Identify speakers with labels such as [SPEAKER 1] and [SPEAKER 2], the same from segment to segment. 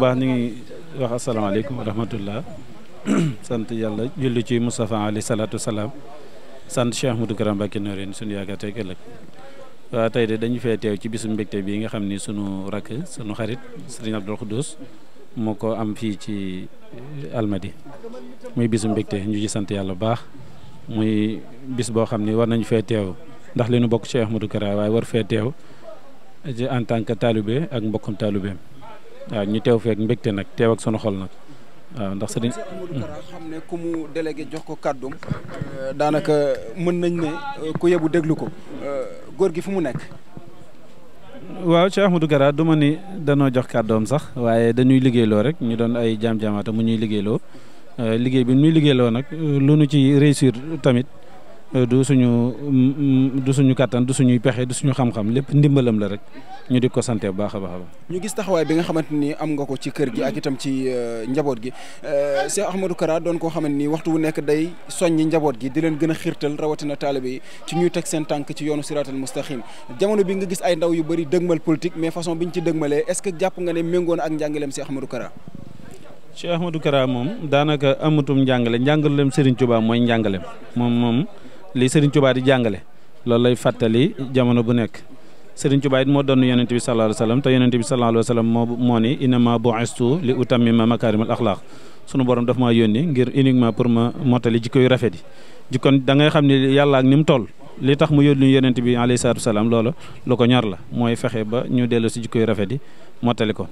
[SPEAKER 1] baax ñu ngi wax asalaamaaleykum wa rahmatullah sant yàlla julli ci Moustapha ali salaatu salaam sant Cheikh Modou Kara Mbacké Noreyni suñu yaakaar tey ëllëg tey de dañu fee teew ci bisu mbégte bii nga xam ni sunu rakk suñu xarit Serigne Abdoul Khoudous moo ko am fii ci Almadi muy bisu mbégte ñu sant yàlla bu baax muy bis boo xam ni war nañu fee teew ndax li nu bokk Cheikh Modou Kara waaye war fee teew en tant que taalibe ak mbokkum taalibeem waaw ñu teew feek mbégte nag teew ak sunu xol nag waaw ndax sëriñ xam
[SPEAKER 2] ne ku mu délégué jox ko kàddum euh, daanaka mën nañ ne euh, ku yebu déglu ko euh, góor gi fu mu nekk
[SPEAKER 1] waaw Cheikh Ahmadou Kara du ma ni danoo jox kàddoom sax waaye dañuy liggéeyloo rek ñu doon ay jaam-jaamaata mu ñuy liggéeyloo liggéey bi ñuy liggéeyloo nag lu nu ci réussir tamit Euh, du suñu mm, mm, du suñu kàttan du suñuy pexe du suñu xam-xam lépp ndimbalam la rek ñu di ko sante bu baax a baax
[SPEAKER 2] ñu gis taxawaay bi nga xamante ni am nga ko ci kër gi ak itam ci euh, njaboot gi euh, Cheikh Ahmadou Kara doon koo xamante ni waxtu wu nekk day soññi njaboot gi di leen gën a xiirtal rawatina taalibe yi ci ñuy teg seen tànk ci yoonu siraatal mustaqim jamono bi nga gis ay ndaw yu bëri dëgmal politique mais façon bi ñu ci dëgmalee est-ce jàpp nga ne méngoo ak njàngaleem Cheikh Ahmadou Kara
[SPEAKER 1] Cheikh Ahmadou Kara moom daanaka amatum njàngale njàngaleem Serigne Touba mooy njàngaleem moom moom li Serigne Touba di jàngale loolu lay fàttali jamono bu nekk Serigne Touba it moo doon yonent bi sallallahu alayhi wa sallam te yonent bi sallallahu alayhi wa sallam moo moo ni innama bu'istu li utammima makarimal axlaaq sunu borom daf maa yónni ngir uniquement pour ma mottali jikko yu rafet yi jikkoon da xam ne yàlla ni mu toll li tax mu yónni yonent bi alayhi salaatu wa salaam loolu lu ko ñor la mooy fexe ba ñu dellu si jikko yu rafet yi mottali ko.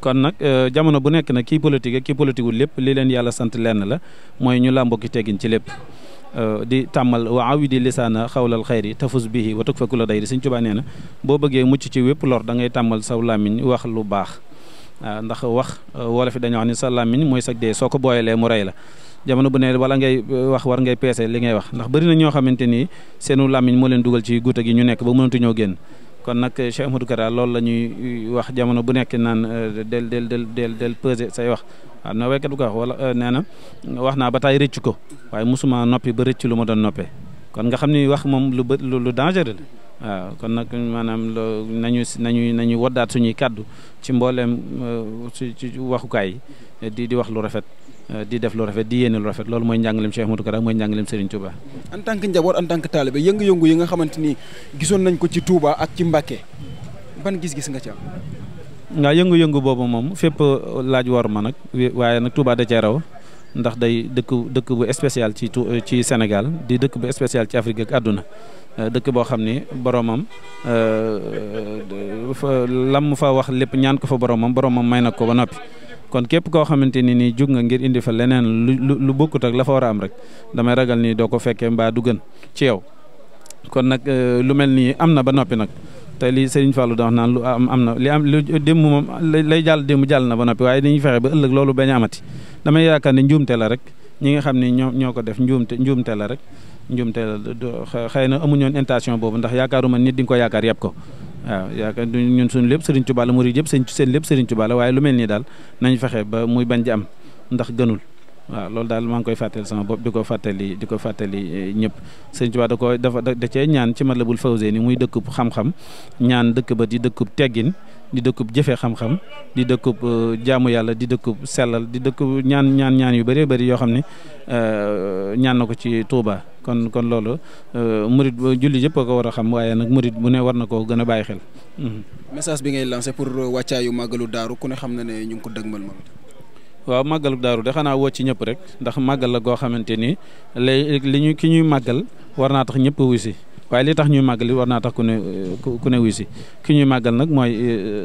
[SPEAKER 1] kon nag euh, jamono bu nekk nag kii politique ak kii politique lépp li leen yàlla sant lenn la mooy ñu làmboo ki teggin ci lépp. Euh, di tàmbal waaw wa di lisaana xawlal xayri tafus bihi wa tukfa kula dayri Sëñ Tuubaa nee na boo bëggee mucc ci wépp lor da ngay tàmmal saw làmmiñ wax lu baax ah, ndax wax euh, wolof yi dañoo wax ni sa làmmiñ mooy sag dee soo ko booyalee mu rey la jamono bu ne wala ngay euh, wax war ngay peese li ngay wax ndax bëri na ñoo xamante ni seenu làmmiñ moo leen dugal ci guuta gi ñu nekk ba mënatuñoo génn kon nag eh, Cheikh Amadou Kara loolu la ñuy eh, wax jamono bu nekk naan eh, del del del del del peser say wax waaw ah, na wekkat bu ko wax wala nee na wax naa ba taay rëcc ko waaye mosuma noppi ba rëcc lu ma doon noppee kon nga xam ni wax moom lu bë lu dangereux la waaw kon nag maanaam nañu nañu nañu woddaat suñuy kàddu ci mbooleem ci waxukaay di di wax lu rafet Euh, di def lu rafet di yéene lu rafet loolu mooy njàngaleem Cheikh Ahmadou Kara mooy njàngaleem Serigne Touba.
[SPEAKER 2] en tant que njaboot en tant que taalibe yëngu-yëngu yi nga gisoon nañ ko ci Touba ak ci ban gis-gis nga ci am.
[SPEAKER 1] nga yëngu-yëngu boobu moom fépp euh, laaj war ma nag waaye nag Touba da cee raw ndax day dëkk dëkk bu spécial ci ci Sénégal di dëkk bu spécial ci Afrique ak àdduna euh, dëkk boo xam ni boromam lam fa wax lépp ñaan ko fa boromam boromam may na ko ba noppi. kon képp koo xamante ni nii jug nga ngir indi fa leneen lu lu bokkut ak la war a am rek damay ragal nii doo ko fekkee mbaa du gën ci yow kon nag euh, lu mel nii am na ba noppi nag te lii Serigne Fallou da wax naan lu am am na li am lu démb moom lay jàll démb jaal na ba noppi waaye dañuy fexe ba ëllëg loolu bañ a amati damay yaakaar ne njuumte la rek ñi nga xam ne ñoo ñoo ko def njuumte njuumte la rek njuumte la xëy na amuñoon intention boobu ndax yaakaaruma nit di nga ko yaakaar yëpp ko waaw yaakaar ñun suñu lépp Serigne Touba la murid yëpp seen seen lépp Serigne Touba la waaye lu mel nii daal nañ fexe ba muy bañ di am ndax gënul waaw loolu daal maa ngi koy fàttali sama bopp di ko fàttali di ko fàttali eh, ñëpp Serigne Touba da ko dafa da cee ñaan ci bul Matlabul ni muy dëkkub xam-xam ñaan dëkk ba di dëkkub teggin di dëkkub jëfee xam-xam di dëkkub eh, jaamu yàlla di dëkkub sellal di dëkkub ñaan ñaan ñaan yu bëree bëri yoo xam ne eh, ñaan na ko ci tuubaa kon kon loolu euh, murit julli yëpp a ko war a xam waaye nag murit bu ne war na koo gën a bàyyi xel. Mhm.
[SPEAKER 2] message bi ngay lancé pour euh, wàccaayu màggalu daaru ku ne xam na ne ñu ngi ko dëgmal moom.
[SPEAKER 1] waaw màggalu daaru de xanaa woo ci ñëpp rek ndax màggal la goo xamante ni li ñu ki ñuy màggal war naa tax ñëpp wuy si waaye li tax ñuy màggal war naa tax ku ne euh, ku ne wuy si ki ñuy màggal nag mooy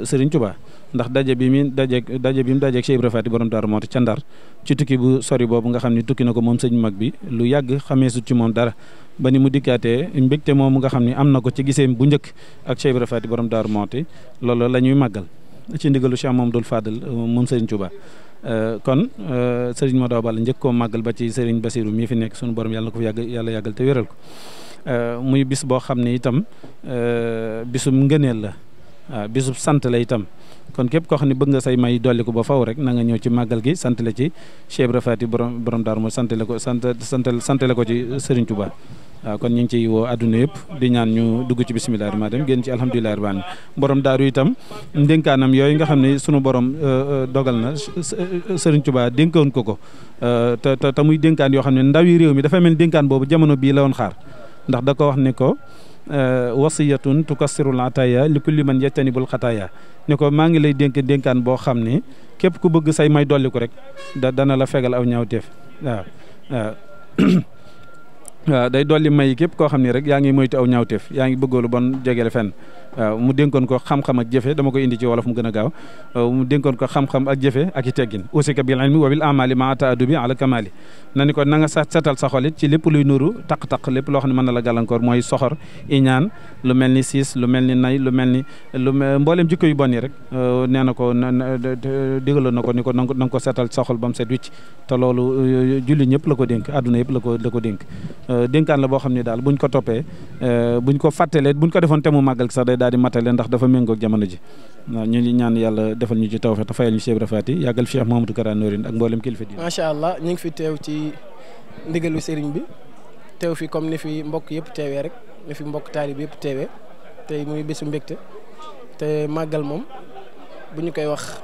[SPEAKER 1] Serigne Touba. ndax daje bi mi dajeeg daje bi mu dajeeg Cheikh Ibra Faty borom Daaru Muxti ca Ndar ci tukki bu sori boobu nga xam ne tukki na ko moom sëñ mag bi lu yàgg su ci moom dara ba ni mu dikkaatee mbégte moomu nga xam ne am na ko ci gisee bu njëkk ak Cheikh Ibra Faty borom Daaru Muxti la ñuy màggal ci ndigalu Cheikh Mamadou Fadal euh, moom sëriñ Touba euh, kon euh, sëriñ Modou Ball njëkk koo màggal ba ci sëriñ Basiru mii fi nekk sunu borom yàlla ko fi yàgg yàlla yàggal te wéral ko muy bis boo xam ne itam bisum ngëneel la waaw bisub sant la itam kon képp koo xam ne bëgg nga say may dolli ko ba faw rek na nga ñëw ci màggal gi sant la ci Cheikh Ibra Faty borom borom Daaru Muxti sant la ko sant sant la ko ci Serigne tubaa waaw kon ñu ngi ciy woo adduna yëpp di ñaan ñu dugg ci bisimilah maa dem génn ci alhamdulilah rahmaan borom daaru itam ndénkaanam yooyu nga xam ne sunu borom euh, euh, dogal na sëriñ euh, tubaa dénkoon ko ko te te muy dénkaan yoo xam ne ndaw yi réew mi dafa mel dénkaan boobu jamono bii la woon xaar ndax Euh, wasiyatun tukassirul ataya li kulli man yajtanibul xataaya ne ko maa ngi lay dénk dénkaan boo xam ne képp ku bëgg say may dolli ko rek dana la fegal aw ñaawteef waaw waaw waaw day dolli may képp koo xam ni rek yaa ngi moytu aw ñaawteef yaa ngi bëggoolu bon jegele fenn waaw mu dénkoon ko xam-xam ak jëfe dama koy indi ci wolof mu gën a gaaw mu denkoon ko xam-xam ak jëfe ak i teggin aussi ka bil ilmi wa bil amali ma taadubi ala kamali na ni ko na nga sa setal sa ci lépp luy nuru taq-taq lépp loo xam ne mën na la gàllankoor mooy soxor ñaan lu mel ni siis lu mel ni nay lu mel ni lu mbooleem jikko yu bon nii rek nee na ko digaloon na ko ni ko na nga ko setal sa ba mu set wicc te loolu julli ñëpp la ko dénk adduna yëpp la ko la ko dénk Euh, dénkaan la boo xam ne daal buñ ko toppee euh, buñ ko fàttalee buñ ko defoon te mu màggal sax day daal di matale ndax dafa méngoog jamono ji waaw ñu ngi ñaan yàlla defal ñu ci tawfeex yàggal Cheikh Mouhamadou Kara Noreyni ak
[SPEAKER 3] ngi fi teew ci ndigalu sëriñ bi teew fi comme ni fi mbokk yëpp teewee rek ni fi mbokk yëpp teewee tey muy bésu mbégte te màggal moom bu ñu koy wax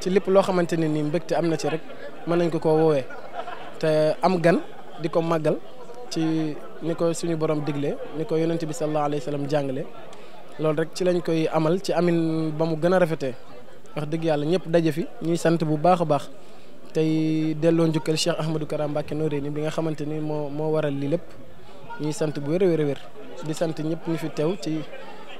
[SPEAKER 3] ci lépp loo xamante ne nii mbégte am na ci rek mën nañ ko ko woowee te am gan di ko màggal ci ni ko suñu borom digle ni ko yonent bi sallallahu alayhi wa sallam jàngale loolu rek ci lañ koy amal ci amin ba mu gën a rafetee wax dëgg yàlla ñëpp daje fi ñuy sant bu baax a baax tey delloo njukkal Cheikh Ahmadou Kara Mbacké Noreyni bi nga xamante ni moo moo waral lii lépp ñuy sant bu wér a wér a wér di sant ñëpp ñu fi tew ci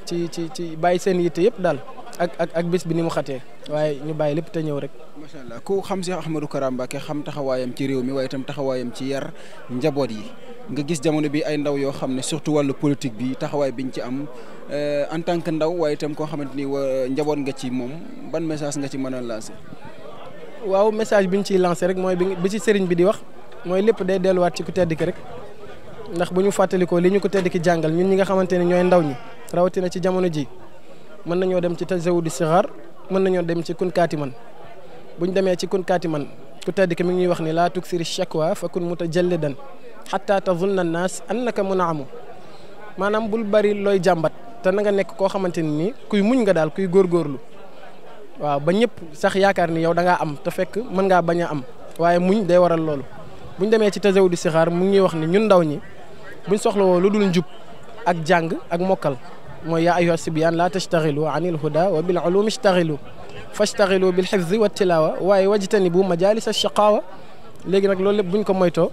[SPEAKER 3] ci ci ci bàyyi seen yitte yëpp daal ak ak ak bés bi ni mu xatee waaye ñu bàyyi lépp te ñëw rek.
[SPEAKER 2] macha allah ku xam Cheikh Ahmadou Kara Mbacké xam taxawaayam ci réew mi waaye itam taxawaayam ci yar njaboot yi nga gis jamono bi ay ndaw yoo xam ne surtout wàllu politique bi taxawaay biñ ci am eh, en tant que ndaw waaye itam koo xamante ni njaboot nga ci moom ban message nga ci mën a lancer.
[SPEAKER 3] waaw message bi ñu ciy lancé rek mooy bi ci sëriñ bi di wax mooy lépp day delluwaat ci ku tedd ki rek ndax bu ñu fàttali fàttalikoo li ñu ko tedd ki jàngal ñun ñi nga xamante ne ñooy ndaw ñi rawatina ci jamono ji mën nañoo dem ci tajawudi sixaar mën nañoo dem ci kun kaati man bu ñu demee ci kun kaati man ku tedd ki mi ngi ñuy wax ni laa tuksiri shakwa fa kun mutajallidan xataa tazunna naas a amu maanaam bul bari looy jàmbat te nanga nekk koo xamante ne nii kuy muñ nga daal kuy góorgóorlu waaw ba ñëpp sax yaakaar ni yow da ngaa am te fekk mën ngaa bañ a am waaye muñ day waral loolu bu ñu demee ci tajawudi sixaar mu ngi ñuy wax ni ñun ndaw ñi buñ soxlawoo lu dul njub ak jàng ak mokkal mooy yaa ayyuha sibyaan laa tashtaxilu an il huda wa bil ulum ishtaxilu fashtaxilu bil xifzi wa tilaawa waaye wajtanibu majalis ash-shaqaawa léegi nag loolu lépp buñ ko moytoo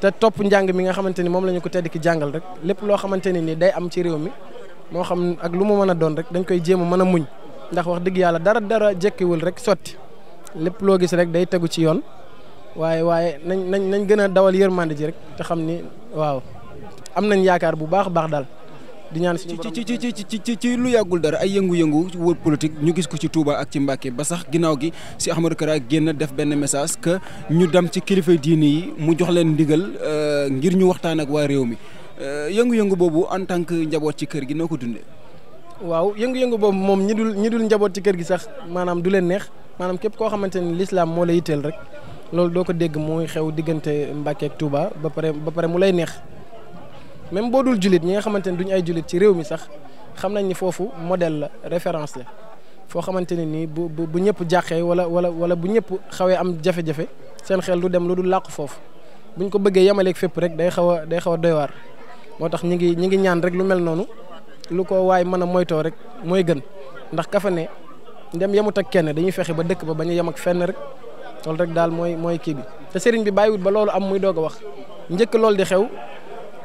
[SPEAKER 3] te topp njàng mi nga xamante ni moom la ñu ko tedd ki jàngal rek lépp loo xamante ne ni day am ci réew mi moo xam ak lu mu mën a doon rek dañ koy jéem a mën a muñ ndax wax dëgg yàlla dara dara jekkiwul rek sotti lépp loo gis rek day tegu ci yoon waaye waaye nañ nañ nañ gën a dawal yërmande ji rek te xam ni waaw am nañ yaakaar bu baax baax daal.
[SPEAKER 2] di ñaan ci ci ci ci lu yàggul dara ay yëngu-yëngu wër politique ñu gis ko ci Touba ak ci Mbacke ba sax ginnaaw gi si kër ak génn def benn message que ñu dem ci kilifa diini yi mu jox leen ndigal euh, ngir ñu waxtaan ak waa réew mi euh, yëngu-yëngu boobu en tant que njaboot ci kër gi noo ko dundee. waaw yëngu-yëngu boobu moom ñi dul ñi dul njaboot ci kër gi sax
[SPEAKER 3] maanaam du leen neex maanaam képp koo xamante ni lislaam moo la yitteel rek loolu doo ko dégg mooy xew diggante Mbacke ak ba pare ba pare mu lay neex même boo dul jullit ñi nga xamante ne duñu ay jullit ci réew mi sax xam nañ ni foofu modèle la référence la foo xamante ne nii bu bu bu ñëpp jàqee wala wala wala bu ñëpp xawee am jafe-jafe seen xel du dem lu dul làqu foofu buñ ko bëggee yemaleeg fépp rek day xaw a day xaw a doy waar moo tax ñu ngi ñu ngi ñaan rek lu mel noonu lu ko waay mën a moytoo rek mooy gën ndax ka fa ne ndem yemut ak kenn dañuy fexe ba dëkk ba bañ a yem ak fenn rek loolu rek daal mooy mooy kii bi te sëriñ bi bàyyiwut ba loolu am muy doog a wax njëkk loolu di xew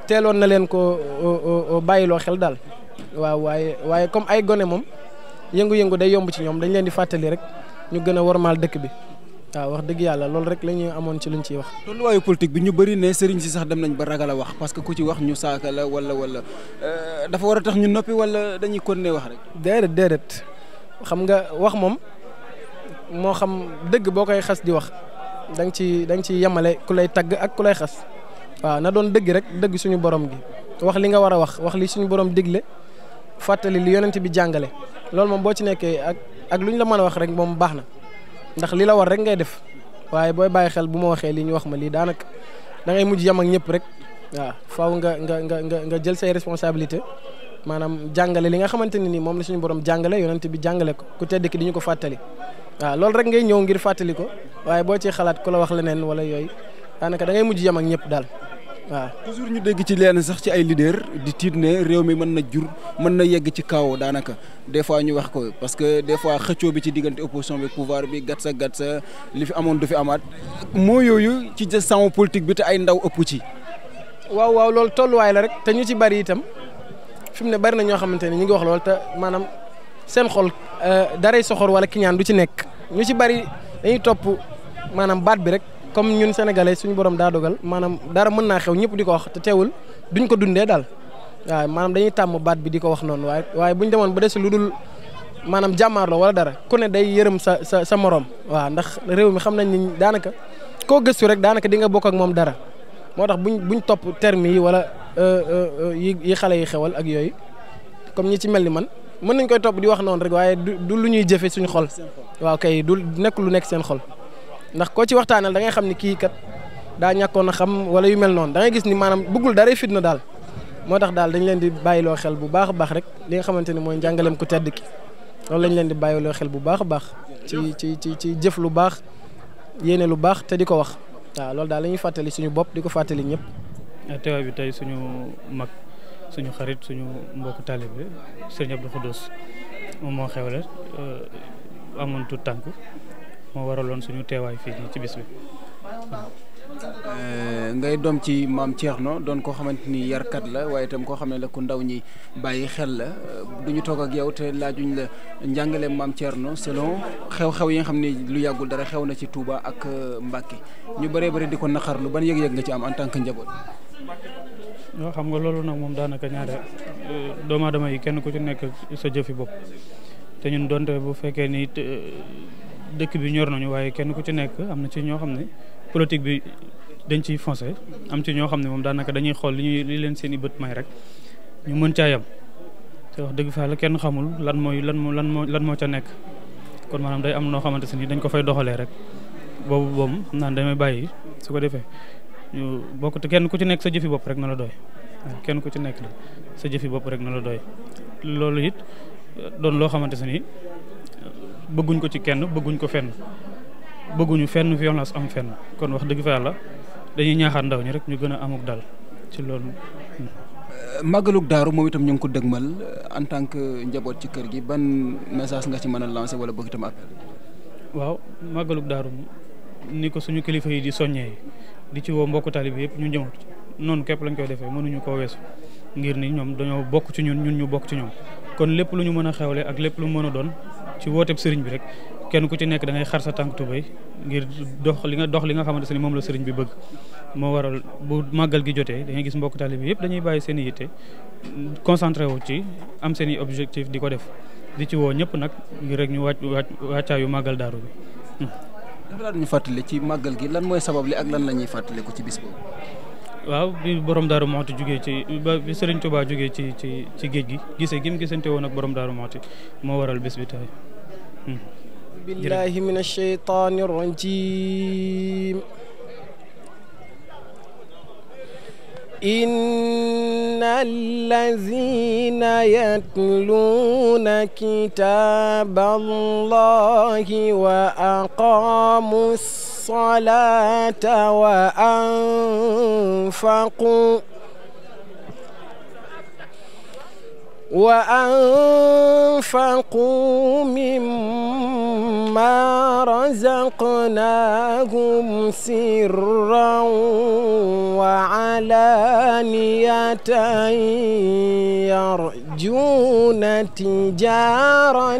[SPEAKER 3] teeloon na leen ko bàyyiloo xel daal waaw waaye waaye comme ay gone moom yëngu-yëngu day yomb ci ñoom dañ leen di fàttali rek ñu gën a wormaal dëkk bi waaw wax dëgg yàlla loolu rek la ñu amoon ci ñu ciy wax.
[SPEAKER 2] tolluwaayu politique bi ñu bëri ne sëriñ si sax dem nañ ba ragal a wax parce que ku ci wax ñu saaka la wala wala euh, dafa war a tax ñu noppi wala dañuy continuer wax rek. déedéet déedéet xam nga wax moom
[SPEAKER 3] moo xam dëgg boo koy xas di wax da ci da nga ciy yemale ku lay tagg ak ku lay xas. waaw na doon dëgg rek dëgg suñu borom gi wax li nga war a wax wax li suñu borom digle fàttali li yonent bi jàngale loolu moom boo ci nekkee ak ak lu ñu la mën a wax rek moom baax na ndax li la war rek ngay def waaye booy bàyyi xel bu ma waxee li ñu wax ma lii daanaka da ngay mujj yam ñëpp rek waaw faaw nga nga nga nga jël say responsabilité maanaam jàngale li nga xamante ne ni moom la suñu borom jàngale yonent bi jàngale ko ku tedd ki ko fàttali waaw loolu rek ngay ñëw ngir fàttali ko waaye boo ci xalaat ku la wax leneen wala yooyu
[SPEAKER 2] daanaka da ngay mujj yam ak ñëpp daal. waaw toujours ñu dégg ci leen sax ci ay leader di tiit ne réew mi mën na jur mën na yegg ci kaw daanaka des fois ñu wax ko parce que des fois xëccoo bi ci diggante opposition bi pouvoir bi gat sa gat li fi amoon du fi amaat moo yooyu ci gestion politique bi te ay ndaw ëpp ci. waaw waaw loolu tolluwaay la rek te ñu ci bari itam
[SPEAKER 3] fi mu ne bari na ñoo xamante ne ñu ngi wax loolu te maanaam seen xol euh, daray soxor wala kiñaan du ci nekk ñu ci bari dañuy topp maanaam baat bi rek. comme ñun sénégalais suñu borom daa dogal maanaam dara mën naa xew ñëpp di ko wax te teewul duñ ko dundee daal waaw maanaam dañuy tàmm baat bi di ko wax noonu waaye waaye buñ demoon ba des lu maanaam jàmmaarloo wala dara ku ne day yërëm sa sa sa morom waaw ndax réew mi xam nañ ni daanaka koo gëstu rek daanaka di nga bokk ak moom dara moo tax buñ buñ topp terme yi wala euh, euh, euh, yi yi xale yi xewal ak yooyu comme ñi ci mel ni man mën nañ koy topp di wax noonu rek waaye du du lu ñuy jëfe suñu xol waaw kay du nekk lu nekk seen xol ndax koo ci waxtaanal dangay xam ni kii kat daa ñàkkoon a xam wala yu mel noonu da gis ni maanaam bëggul dara fitna daal moo tax daal dañu leen di bàyyiloo xel bu baax a baax rek li nga xamante ni mooy njàngaleem ku tedd ki loolu lañ leen di xel bu baax a baax ci ci ci jëf lu baax yéene lu baax te di ko wax loolu daal la fàttali suñu bopp di ko fàttali ñëpp.
[SPEAKER 4] teewaay bi tey suñu mag suñu xarit suñu mbokku taalibe Serigne Abdou Khoudous moom moo xewle euh, amoon tuut tànk moo waraloon suñu teewaay fii ci bis bi.
[SPEAKER 2] Eh, ngay doom ci maam Thierno doon koo xamante ni yarkat la waaye tam koo xam ne la ku ndaw ñi bàyyi xel la du ñu toog ak yow te laajuñ la njàngale maam Thierno selon xew-xew yi nga xam ne lu yàggul dara xew na ci tuuba ak eh, Mbacké ñu bëree bëri di ko lu ban yëg-yëg nga ci am en tant que njaboot.
[SPEAKER 4] yoo xam nga loolu nag moom daanaka ñaare eh, doomu aadama yi kenn ku ci nekk sa jëfi bopp te ñun donte bu fekkee ni dëkk bi ñor nañu waaye kenn ku ci nekk am na ci ñoo xam ne politique bi dañ ciy foncé am ci ñoo xam ne moom daanaka dañuy xool li ñuy li leen seen i may rek ñu mën caa yam te wax dëgg fa yàlla kenn xamul lan mooy lan moo lan moo lan moo ca nekk kon maanaam day am noo xamante ne ni dañ ko fay doxalee rek boobu boobu xam naa bàyyi su ko defee ñu bokk ku ci nekk sa jëfi bopp rek na la doy kenn ku ci nekk sa jëfi bopp rek na la doy loolu it doon loo xamante ne ni bëgguñ ko ci kenn bëgguñ ko fenn bëgguñu fenn violence am fenn kon wax dëgg fa yàlla dañuy ñaaxaat ndaw ñi rek ñu gën a amuk dal ci loolu. Euh, màggalug daaru moom
[SPEAKER 2] itam ñu ngi ko dëgmal euh, en tant que njaboot ci kër gi ban message nga ci mën a lancer wala bëgg itam appel.
[SPEAKER 4] waaw màggalug daaru ni ko suñu kilifa yi di soññee di ci woo mbokku taalibe yëpp ñu ñëw noonu képp lañ ko defee mënuñu koo weesu ngir ni ñoom dañoo bokk ci ñun ñun ñu bokk ci ñoom. kon lépp lu ñu mën a xewle ak lépp lu mën a doon ci wooteeb sëriñ bi rek kenn ku ci nekk da ngay xar sa tànk tubéy ngir dox li nga dox li nga xamante ne moom la sëriñ bi bëgg moo waral bu màggal gi jotee da ngay gis mbokk taalibe yëpp dañuy bàyyi seen i yitte concentré wu ci am seen i objectif di ko def di ci woo ñëpp nag ngir rek ñu wàcc wàccaayu màggal daaru bi. Hmm.
[SPEAKER 2] dafa ñu fàttali ci màggal gi lan mooy sabab li ak lan la ñuy fàttaliku ci bis boobu.
[SPEAKER 4] waaw bi borom daaru moxti jugee ci ba bi jugee ci ci ci géej gi gisee gim gisante woon ak borom daaru moxti moo waral bés bi tey hmm.
[SPEAKER 3] billahi min ash-shaytaani rajiim إن الذين يتلون كتاب الله وأقاموا الصلاة وأنفقوا وأنفقوا مما رزقناهم سرا وعلانية يرجون تجارة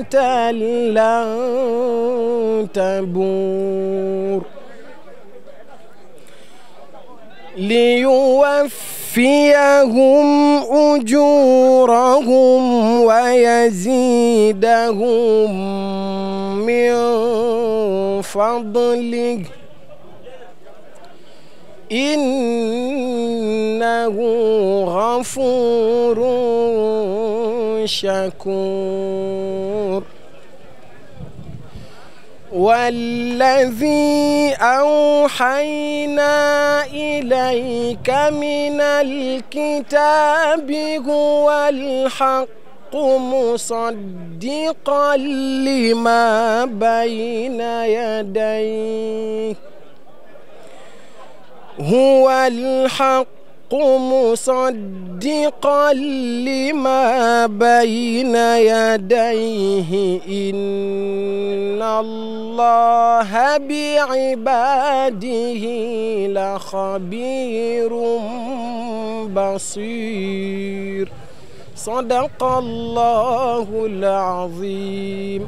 [SPEAKER 3] لن تبور ليوفي يوفيهم أجورهم ويزيدهم من فضله إنه غفور شكور والذي أوحينا إليك من الكتاب هو الحق مصدقا لما بين يديه هو الحق مصدقا لما بين يديه إن الله بعباده لخبير بصير
[SPEAKER 2] صدق الله العظيم